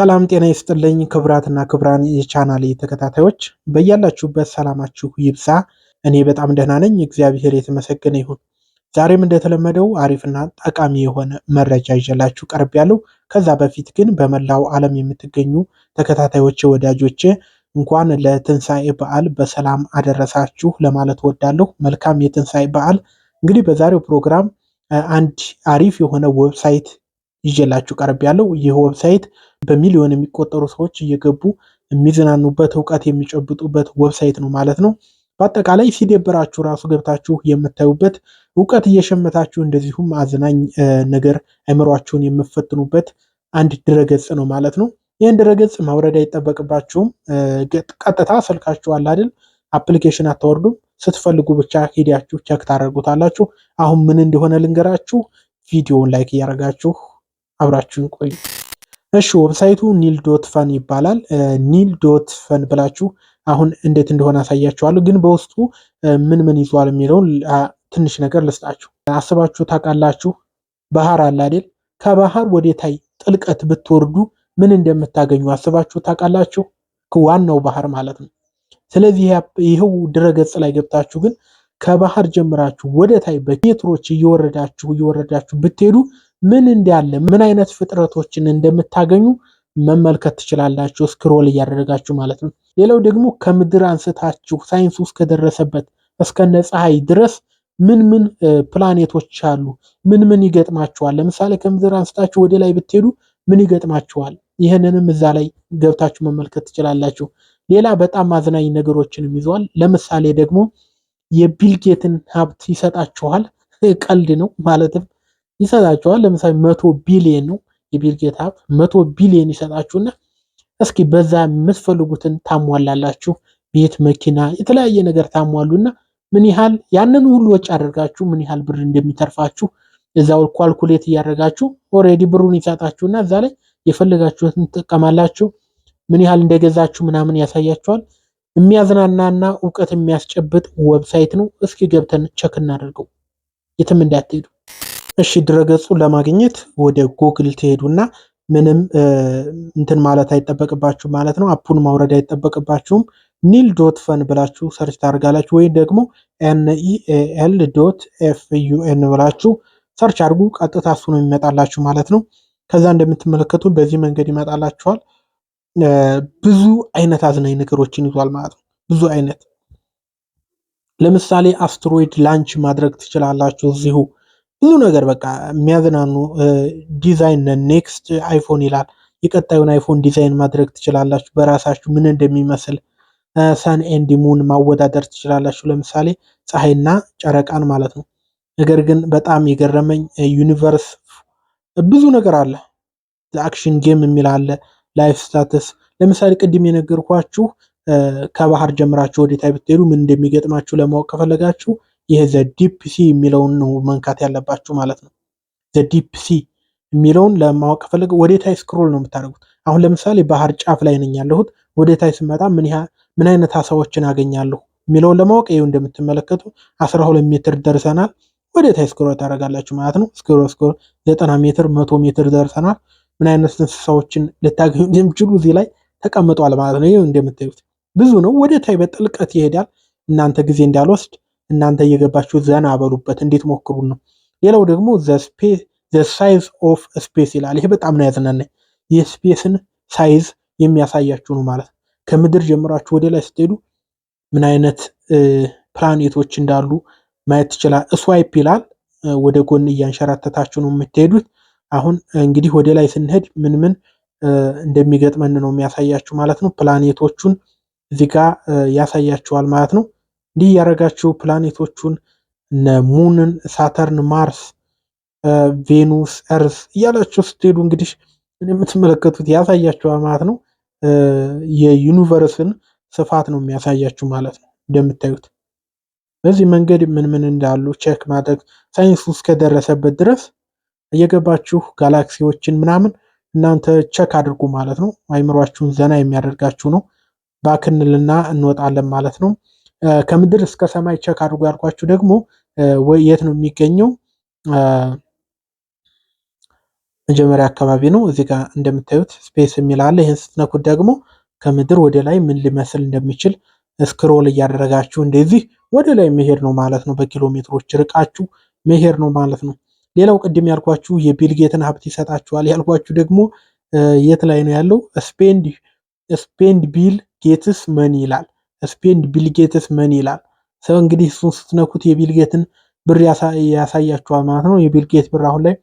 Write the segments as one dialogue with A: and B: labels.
A: ሰላም ጤና ይስጥልኝ ክብራትና ክብራን የቻናል ተከታታዮች በያላችሁበት ሰላማችሁ ይብዛ። እኔ በጣም ደህና ነኝ፣ እግዚአብሔር የተመሰገነ ይሁን። ዛሬም እንደተለመደው አሪፍና ጠቃሚ የሆነ መረጃ ይዤላችሁ ቀርብ ያለው። ከዛ በፊት ግን በመላው ዓለም የምትገኙ ተከታታዮች ወዳጆች እንኳን ለትንሣኤ በዓል በሰላም አደረሳችሁ ለማለት ወዳለሁ። መልካም የትንሣኤ በዓል። እንግዲህ በዛሬው ፕሮግራም አንድ አሪፍ የሆነ ዌብሳይት ይዤላችሁ ቀርብ ያለው ይህ ዌብሳይት በሚሊዮን የሚቆጠሩ ሰዎች እየገቡ የሚዝናኑበት እውቀት የሚጨብጡበት ዌብሳይት ነው ማለት ነው። በአጠቃላይ ሲደብራችሁ ራሱ ገብታችሁ የምታዩበት እውቀት እየሸመታችሁ እንደዚሁም አዝናኝ ነገር አይምሯችሁን የምፈትኑበት አንድ ድረገጽ ነው ማለት ነው። ይህን ድረገጽ ማውረድ አይጠበቅባችሁም። ቀጥታ ስልካችሁ አለ አይደል አፕሊኬሽን አታወርዱም። ስትፈልጉ ብቻ ሄዳችሁ ቸክ ታደርጉታላችሁ። አሁን ምን እንደሆነ ልንገራችሁ። ቪዲዮውን ላይክ እያደረጋችሁ አብራችሁን ቆዩ። እሺ ዌብሳይቱ ኒል ዶት ፈን ይባላል። ኒል ዶት ፈን ብላችሁ አሁን እንዴት እንደሆነ አሳያችኋለሁ። ግን በውስጡ ምን ምን ይዟል የሚለውን ትንሽ ነገር ልስጣችሁ። አስባችሁ ታውቃላችሁ? ባህር አለ አይደል? ከባህር ወደ ታይ ጥልቀት ብትወርዱ ምን እንደምታገኙ አስባችሁ ታውቃላችሁ? ዋናው ባህር ማለት ነው። ስለዚህ ይኸው ድረገጽ ላይ ገብታችሁ ግን ከባህር ጀምራችሁ ወደ ታይ በሜትሮች እየወረዳችሁ እየወረዳችሁ ብትሄዱ ምን እንዳለ ምን አይነት ፍጥረቶችን እንደምታገኙ መመልከት ትችላላችሁ፣ ስክሮል እያደረጋችሁ ማለት ነው። ሌላው ደግሞ ከምድር አንስታችሁ ሳይንሱ እስከደረሰበት እስከነ ፀሐይ ድረስ ምን ምን ፕላኔቶች አሉ፣ ምን ምን ይገጥማችኋል። ለምሳሌ ከምድር አንስታችሁ ወደ ላይ ብትሄዱ ምን ይገጥማችኋል? ይህንንም እዛ ላይ ገብታችሁ መመልከት ትችላላችሁ። ሌላ በጣም አዝናኝ ነገሮችንም ይዘዋል። ለምሳሌ ደግሞ የቢልጌትን ሀብት ይሰጣችኋል። ቀልድ ነው ማለትም ይሰጣቸዋል። ለምሳሌ መቶ ቢሊየን ነው የቢል ጌት ሀብት መቶ ቢሊየን ይሰጣችሁና እስኪ በዛ የምትፈልጉትን ታሟላላችሁ። ቤት፣ መኪና፣ የተለያየ ነገር ታሟሉና ምን ያህል ያንን ሁሉ ወጪ አድርጋችሁ ምን ያህል ብር እንደሚተርፋችሁ እዛው ኳልኩሌት እያደረጋችሁ ኦሬዲ ብሩን ይሰጣችሁና እዛ ላይ የፈለጋችሁትን ትጠቀማላችሁ። ምን ያህል እንደገዛችሁ ምናምን ያሳያችኋል። የሚያዝናናና እውቀት የሚያስጨብጥ ዌብሳይት ነው። እስኪ ገብተን ቸክ እናደርገው። የትም እንዳትሄዱ። እሺ ድረገጹን ለማግኘት ወደ ጉግል ትሄዱና ምንም እንትን ማለት አይጠበቅባችሁም ማለት ነው። አፑን ማውረድ አይጠበቅባችሁም። ኒል ዶት ፈን ብላችሁ ሰርች ታደርጋላችሁ፣ ወይም ደግሞ ኤንኢኤል ዶት ኤፍዩኤን ብላችሁ ሰርች አድርጉ። ቀጥታ እሱ ነው የሚመጣላችሁ ማለት ነው። ከዛ እንደምትመለከቱ በዚህ መንገድ ይመጣላችኋል። ብዙ አይነት አዝናኝ ነገሮችን ይዟል ማለት ነው። ብዙ አይነት ለምሳሌ አስትሮይድ ላንች ማድረግ ትችላላችሁ እዚሁ ብዙ ነገር በቃ የሚያዝናኑ ዲዛይን ኔክስት አይፎን ይላል። የቀጣዩን አይፎን ዲዛይን ማድረግ ትችላላችሁ በራሳችሁ ምን እንደሚመስል ሰን ኤንድ ሙን ማወዳደር ትችላላችሁ። ለምሳሌ ፀሐይና ጨረቃን ማለት ነው። ነገር ግን በጣም የገረመኝ ዩኒቨርስ ብዙ ነገር አለ። አክሽን ጌም የሚል አለ፣ ላይፍ ስታትስ። ለምሳሌ ቅድም የነገርኳችሁ ከባህር ጀምራችሁ ወደ ታይ ብትሄዱ ምን እንደሚገጥማችሁ ለማወቅ ከፈለጋችሁ ይህ ሲ የሚለውን ነው መንካት ያለባችሁ ማለት ነው። ሲ የሚለውን ለማወቅ ፈለግ ወደታይ ስክሮል ነው የምታደርጉት። አሁን ለምሳሌ ባህር ጫፍ ላይ ነኝ ያለሁት። ወደታይ ስመጣ ምን አይነት አሳዎችን አገኛለሁ የሚለውን ለማወቅ ይኸው እንደምትመለከቱ 12 ሜትር ደርሰናል። ወደታይ ስክሮል ታደርጋላችሁ ማለት ነው። ስክሮ ስክሮል 90 ሜትር፣ 100 ሜትር ደርሰናል። ምን አይነት እንስሳዎችን ልታገኙ እንደምችሉ እዚህ ላይ ተቀምጧል ማለት ነው። ይኸው እንደምታዩት ብዙ ነው። ወደታይ በጥልቀት ይሄዳል። እናንተ ጊዜ እንዳልወስድ እናንተ እየገባችሁ ዘና አበሉበት፣ እንዴት ሞክሩን ነው። ሌላው ደግሞ ዘ ሳይዝ ኦፍ ስፔስ ይላል። ይሄ በጣም ነው ያዝናናኝ። የስፔስን ሳይዝ የሚያሳያችሁ ነው ማለት ነው። ከምድር ጀምራችሁ ወደ ላይ ስትሄዱ ምን አይነት ፕላኔቶች እንዳሉ ማየት ትችላል። እስዋይፕ ይላል። ወደ ጎን እያንሸራተታችሁ ነው የምትሄዱት። አሁን እንግዲህ ወደ ላይ ስንሄድ ምን ምን እንደሚገጥመን ነው የሚያሳያችሁ ማለት ነው። ፕላኔቶቹን እዚህ ያሳያችኋል ማለት ነው። እንዲህ እያደረጋችሁ ፕላኔቶቹን እነ ሙንን፣ ሳተርን፣ ማርስ፣ ቬኑስ፣ እርስ እያላቸው ስትሄዱ እንግዲህ የምትመለከቱት ያሳያቸው ማለት ነው። የዩኒቨርስን ስፋት ነው የሚያሳያችሁ ማለት ነው። እንደምታዩት በዚህ መንገድ ምን ምን እንዳሉ ቼክ ማድረግ ሳይንሱ እስከደረሰበት ድረስ እየገባችሁ ጋላክሲዎችን ምናምን እናንተ ቼክ አድርጉ ማለት ነው። አይምሯችሁን ዘና የሚያደርጋችሁ ነው። ባክንልና እንወጣለን ማለት ነው። ከምድር እስከ ሰማይ ቸክ አድርጎ ያልኳችሁ ደግሞ የት ነው የሚገኘው? መጀመሪያ አካባቢ ነው። እዚህ ጋር እንደምታዩት ስፔስ የሚል አለ። ይህን ስትነኩት ደግሞ ከምድር ወደ ላይ ምን ሊመስል እንደሚችል ስክሮል እያደረጋችሁ እንደዚህ ወደ ላይ መሄድ ነው ማለት ነው። በኪሎ ሜትሮች ርቃችሁ መሄድ ነው ማለት ነው። ሌላው ቅድም ያልኳችሁ የቢልጌትን ሀብት ይሰጣችኋል ያልኳችሁ ደግሞ የት ላይ ነው ያለው? ስፔንድ ቢል ጌትስ መኒ ይላል። ስፔንድ ቢልጌትስ መኒ ይላል። ሰው እንግዲህ እሱን ስትነኩት የቢልጌትን ብር ያሳያቸዋል ማለት ነው። የቢልጌት ብር አሁን ላይ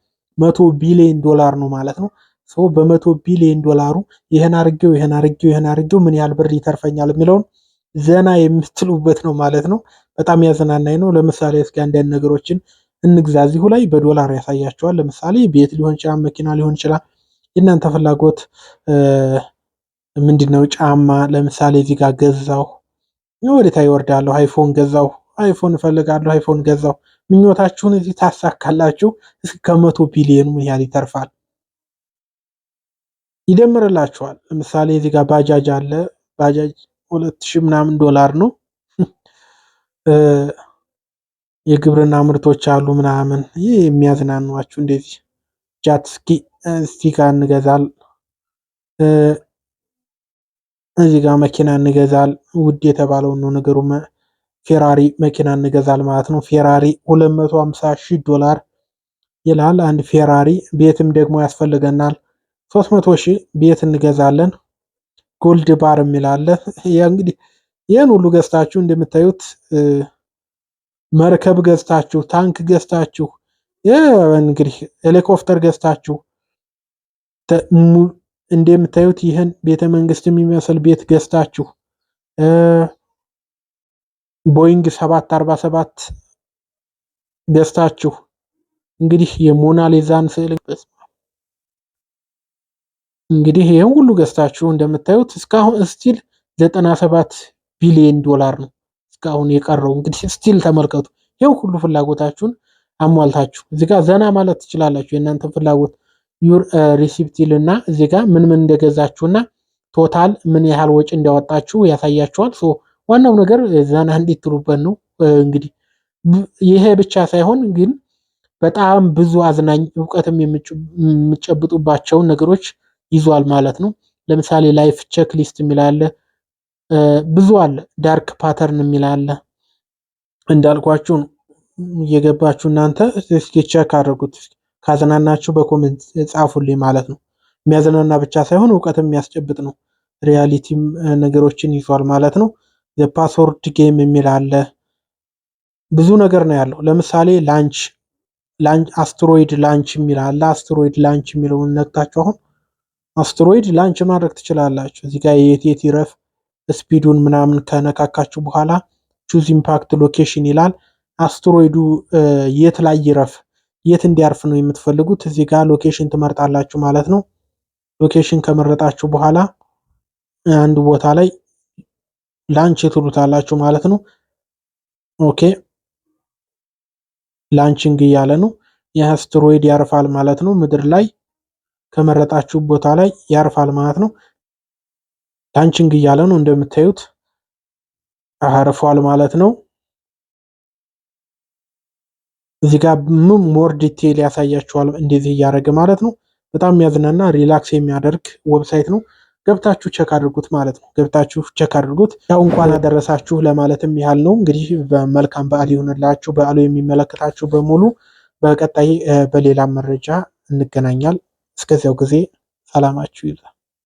A: መቶ ቢሊዮን ዶላር ነው ማለት ነው። ሰው በመቶ ቢሊዮን ዶላሩ ይህን አርጌው ይህን አርጌው ይህን አርጌው ምን ያህል ብር ይተርፈኛል የሚለውን ዘና የምትሉበት ነው ማለት ነው። በጣም ያዘናናኝ ነው። ለምሳሌ እስኪ አንዳንድ ነገሮችን እንግዛ እዚሁ ላይ በዶላር ያሳያቸዋል። ለምሳሌ ቤት ሊሆን ይችላል፣ መኪና ሊሆን ይችላል። የእናንተ ፍላጎት ምንድን ነው? ጫማ ለምሳሌ እዚህ ጋር ገዛሁ ታይ ወርዳለሁ፣ አይፎን ገዛሁ፣ አይፎን እፈልጋለሁ፣ አይፎን ገዛሁ። ምኞታችሁን እዚህ ታሳካላችሁ። እስከ መቶ ቢሊዮን ምን ያህል ይተርፋል ይደምርላችኋል። ለምሳሌ እዚህ ጋር ባጃጅ አለ። ባጃጅ ሁለት ሺህ ምናምን ዶላር ነው። የግብርና ምርቶች አሉ ምናምን። ይህ የሚያዝናኗችሁ እንደዚህ ጃትስኪ ስቲካ እንገዛል እዚህ ጋር መኪና እንገዛል ውድ የተባለው ነው ነገሩ። ፌራሪ መኪና እንገዛል ማለት ነው። ፌራሪ 250 ሺህ ዶላር ይላል አንድ ፌራሪ። ቤትም ደግሞ ያስፈልገናል 300 ሺህ ቤት እንገዛለን። ጎልድ ባር የሚላለ ያ እንግዲህ ይህን ሁሉ ገዝታችሁ እንደምታዩት መርከብ ገዝታችሁ፣ ታንክ ገዝታችሁ፣ እንግዲህ ሄሊኮፕተር ገዝታችሁ እንደምታዩት ይህን ቤተ መንግስት የሚመስል ቤት ገዝታችሁ ቦይንግ 747 ገዝታችሁ እንግዲህ የሞናሊዛን ስዕል እንግዲህ ይህን ሁሉ ገዝታችሁ እንደምታዩት እስካሁን ስቲል 97 ቢሊዮን ዶላር ነው እስካሁን የቀረው። እንግዲህ ስቲል ተመልከቱ። ይህን ሁሉ ፍላጎታችሁን አሟልታችሁ እዚህ ጋር ዘና ማለት ትችላላችሁ የእናንተን ፍላጎት ዩር ሪሲፕት ይልና እዚህ ጋር ምን ምን እንደገዛችሁና ቶታል ምን ያህል ወጪ እንዳወጣችሁ ያሳያችኋል። ሶ ዋናው ነገር ዘና እንዲትሉበት ነው። እንግዲህ ይሄ ብቻ ሳይሆን ግን በጣም ብዙ አዝናኝ እውቀትም የምጨብጡባቸውን ነገሮች ይዟል ማለት ነው። ለምሳሌ ላይፍ ቼክ ሊስት የሚላለ ብዙ አለ። ዳርክ ፓተርን የሚላለ እንዳልኳችሁ ነው። እየገባችሁ እናንተ እስኪ ቼክ አድርጉት። ካዝናናችሁ በኮሜንት ጻፉልኝ ማለት ነው። የሚያዝናና ብቻ ሳይሆን እውቀት የሚያስጨብጥ ነው። ሪያሊቲም ነገሮችን ይዟል ማለት ነው። የፓስወርድ ጌም የሚል አለ። ብዙ ነገር ነው ያለው። ለምሳሌ ላንች አስትሮይድ ላንች የሚል አለ። አስትሮይድ ላንች የሚለውን ነግታችሁ አሁን አስትሮይድ ላንች ማድረግ ትችላላችሁ። እዚህ ጋር የቴት ይረፍ ስፒዱን ምናምን ከነካካችሁ በኋላ ቹዝ ኢምፓክት ሎኬሽን ይላል። አስትሮይዱ የት ላይ ይረፍ የት እንዲያርፍ ነው የምትፈልጉት? እዚህ ጋር ሎኬሽን ትመርጣላችሁ ማለት ነው። ሎኬሽን ከመረጣችሁ በኋላ አንድ ቦታ ላይ ላንች ትሉታላችሁ ማለት ነው። ኦኬ ላንቺንግ እያለ ነው። የአስትሮይድ ያርፋል ማለት ነው። ምድር ላይ ከመረጣችሁ ቦታ ላይ ያርፋል ማለት ነው። ላንቺንግ እያለ ነው እንደምታዩት አርፏል ማለት ነው። እዚህ ጋር ሞር ዲቴይል ያሳያችኋል እንደዚህ እያደረገ ማለት ነው። በጣም የሚያዝናና ሪላክስ የሚያደርግ ዌብሳይት ነው። ገብታችሁ ቸክ አድርጉት ማለት ነው። ገብታችሁ ቸክ አድርጉት። ያው እንኳን አደረሳችሁ ለማለትም ያህል ነው። እንግዲህ በመልካም በዓል ይሁንላችሁ። በዓሉ የሚመለከታችሁ በሙሉ በቀጣይ በሌላ መረጃ እንገናኛል። እስከዚያው ጊዜ ሰላማችሁ ይብዛ።